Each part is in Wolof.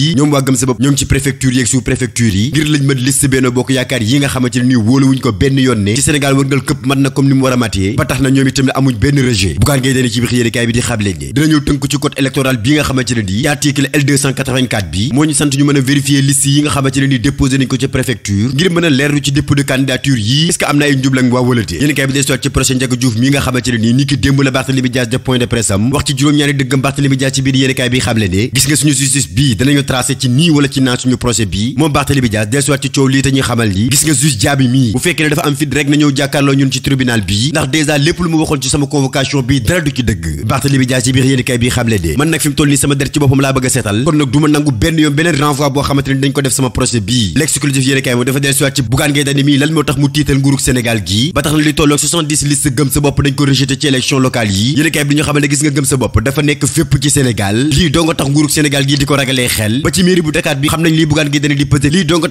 yi ñoom waa gëm sa bopp ci préfecture yi ak sous yi ngir lañ mën liste benn bokk yaakaar yi nga xamante ne nii wóoluwuñ ko benn yoon ci Sénégal wërngal këpp mat na comme ni mu war a matee ba tax na ñoom itam amuñ benn rejet bugaan ngay deen tënk ci code électoral bi nga xamante ne nii ci bi moo ñu sant ñu mën a vérifier liste yi nga xamante ne nii déposé nañ ko ci préfecture ngir mën a leerlu ci ci projet Ndiaga Diouf mi tracé ci nii wala ci naan suñu projet bii moom Barthélémy Dias dellusiwaat ci coow lii te ñuy xamal nii a seetal kon nag du ma nangu benn yoon beneen renvoi boo xamante gis nga gëm sa bopp dafa nekk fépp ci Sénégal lii doo nga tax nguurug Sénégal gii di ko ragalee xel Sénégal ba ci mairie bu Dakar bi xam nañ lii Bougane Gueye Dany di peut lii donc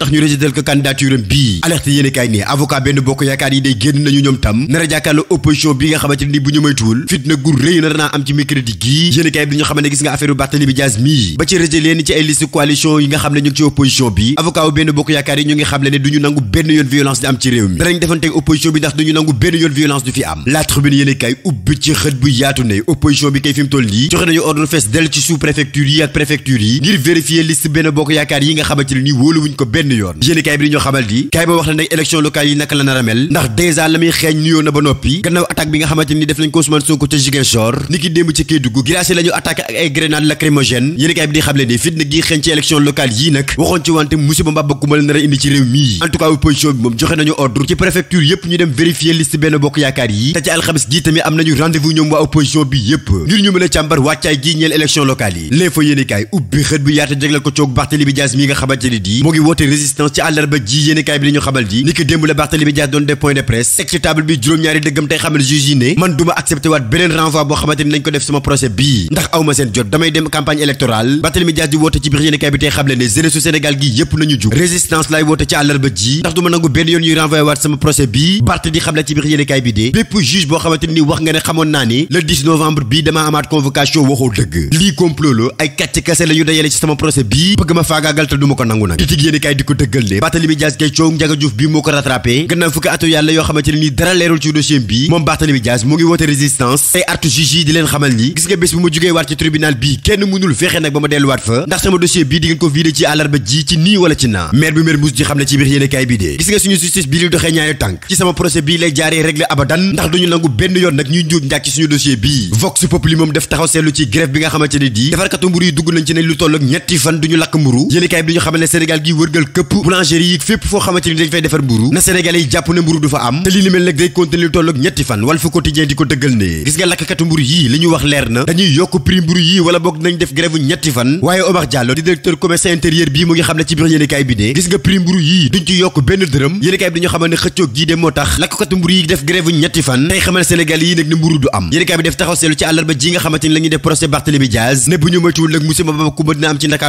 nga xamante ñu moytuwul fitna gu rëy bi ñu xam ne avocat bu benn bokk yaakaar yi ñu ngi xam ne duñu nangu benn yoon violence di am ci réew mi danañ defante opposition bi ndax duñu nangu benn yoon violence du fi am la tribune yéene kaay ubbi ci xët bu yaatu ne opposition bi kay fi toll nii joxe nañu ordre fees del ci sous préfecture yi ak préfecture yi ngir modifier liste benn bokk yaakaar yi nga xamante ne nii wóoluwuñ ko benn yoon yéeni bi di ñoo xamal di kaay ba wax na nag élection locale yi naka la nar a mel ndax dèjà la bi nga xamante ñu attaqué ak ay grenade lacrymogène yéeni kaay bi di a indi ci réew bi moom ñu jot damay dem campagne électorale Barthélémy Dias di woote ci biir yéenekaay bi tey xamle ne jeunesse su Sénégal gi yépp nañu jug résistance laay woote ci àllarba ji ndax duma nangu benn yoon ñuy renvoyé waat sama procès bii Barth di xamle ci biir yéenekaay bi de bépp juge boo xamante ni wax nga ne xamoon naa ne le novembre bii dama amaat convocation waxoo dëgg lii complot la ay kàcc kase la ñu ci sama procès procès bi lay jaaree réglé abadan ndax duñu nangu benn yoon nag ñuy njuub njàkk ci suñu dossier bii vox populi moom def taxaw seetlu ci grève bi nga xamante ne di defarkatu mburu yi dugg nañ ci ne lu toll ñetti fan duñu lakk mburu yéenekaay bi duñu xamal ne Sénégal gi wërgal xamante ni dañ fay defar mburu na Sénégalais yi jàpp ne mburu du fa am te li ni mel nag day taxaw seetlu ci àllarba ji nga xamante ni def procès Barthélémy Diaz ne bu ñu moytuwul nag musiba ba kumba dina am ci Ndakaar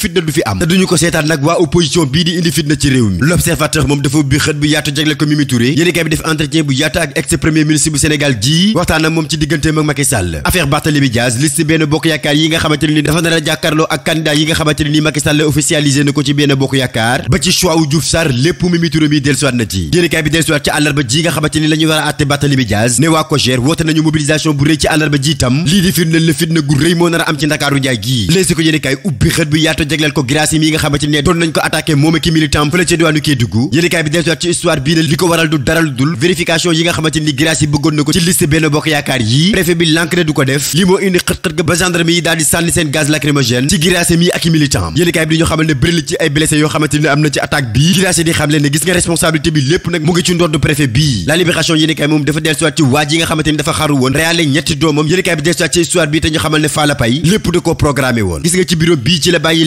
fitna dafa ubbi xët ak ex yi nga xamante ni dafa nar a ak candidat yi nga xamante ni Macky Sall officialisé na ko ci benn bokk yaakaar ba ci choix wu Diouf Sarr lépp Mimi mi dellusiwaat na ci yéeni nga xamante ni war a àtte Barthélémy Diaz ne waa COJER woote nañu mobilisation bu rëy ci àllarba ji itam lii di firndeel ne fitna gu rëy moo nar am ci Ndakaaru njaay gii léegi ko yéeni ubbi xët bu yaatu jagleel ko Girassi mi nga xamante ne doon nañ ko attaqué moom ak i militant fële ca diwaanu Kédougou yéenekaay bi bi def li ci Girassi bi te ñu xamal ne Fala lépp da koo programmé woon gis nga ci bureau bii ci la bàyyi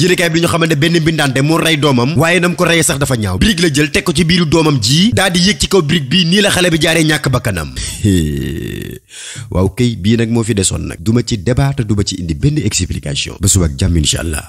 yéenekaay bi ñu xamal benn mbindaante moo rey doomam waaye nam ko reyee sax dafa ñaaw brique la jël teg ko ci biiru doomam ji daal di yéeg ci kaw brique bi nii la xale bi jaaree ñàkk bakkanam waaw kay bii nag moo fi desoon nag duma ci débat duma ci indi benn explication ba suba ak jàmm incha allah